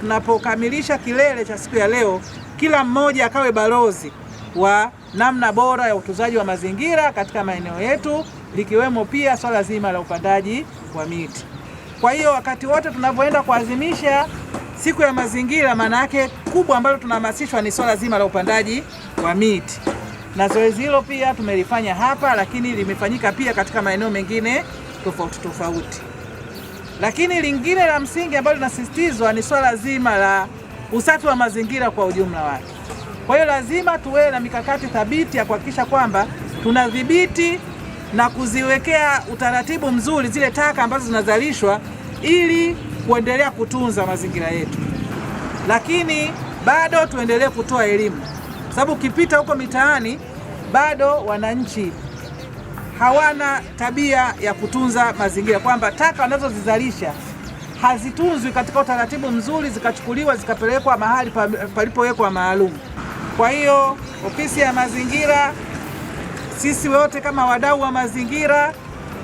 tunapokamilisha kilele cha siku ya leo, kila mmoja akawe balozi wa namna bora ya utunzaji wa mazingira katika maeneo yetu, likiwemo pia swala zima la upandaji wa miti. Kwa hiyo wakati wote tunapoenda kuadhimisha siku ya mazingira, maana yake kubwa ambalo tunahamasishwa ni swala zima la upandaji wa miti, na zoezi hilo pia tumelifanya hapa, lakini limefanyika pia katika maeneo mengine tofauti tofauti. Lakini lingine la msingi ambalo linasisitizwa ni swala zima la usafi wa mazingira kwa ujumla wake. Kwa hiyo lazima tuwe na mikakati thabiti ya kuhakikisha kwamba tunadhibiti na kuziwekea utaratibu mzuri zile taka ambazo zinazalishwa ili kuendelea kutunza mazingira yetu, lakini bado tuendelee kutoa elimu, sababu ukipita huko mitaani bado wananchi hawana tabia ya kutunza mazingira, kwamba taka wanazozizalisha hazitunzwi katika utaratibu mzuri, zikachukuliwa zikapelekwa mahali palipowekwa maalum. Kwa hiyo ofisi ya mazingira, sisi wote kama wadau wa mazingira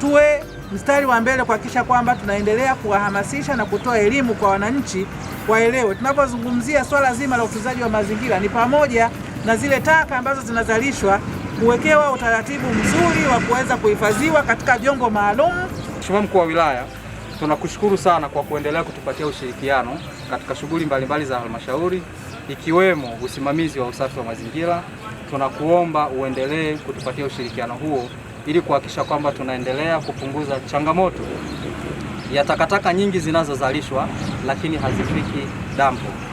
tuwe mstari wa mbele kuhakikisha kwamba tunaendelea kuwahamasisha na kutoa elimu kwa wananchi waelewe. Tunapozungumzia swala zima la utunzaji wa mazingira, ni pamoja na zile taka ambazo zinazalishwa kuwekewa utaratibu mzuri wa kuweza kuhifadhiwa katika jengo maalum. Mheshimiwa Mkuu wa Wilaya, tunakushukuru sana kwa kuendelea kutupatia ushirikiano katika shughuli mbalimbali za halmashauri ikiwemo usimamizi wa usafi wa mazingira. Tunakuomba uendelee kutupatia ushirikiano huo ili kuhakikisha kwamba tunaendelea kupunguza changamoto ya takataka nyingi zinazozalishwa lakini hazifiki dampo.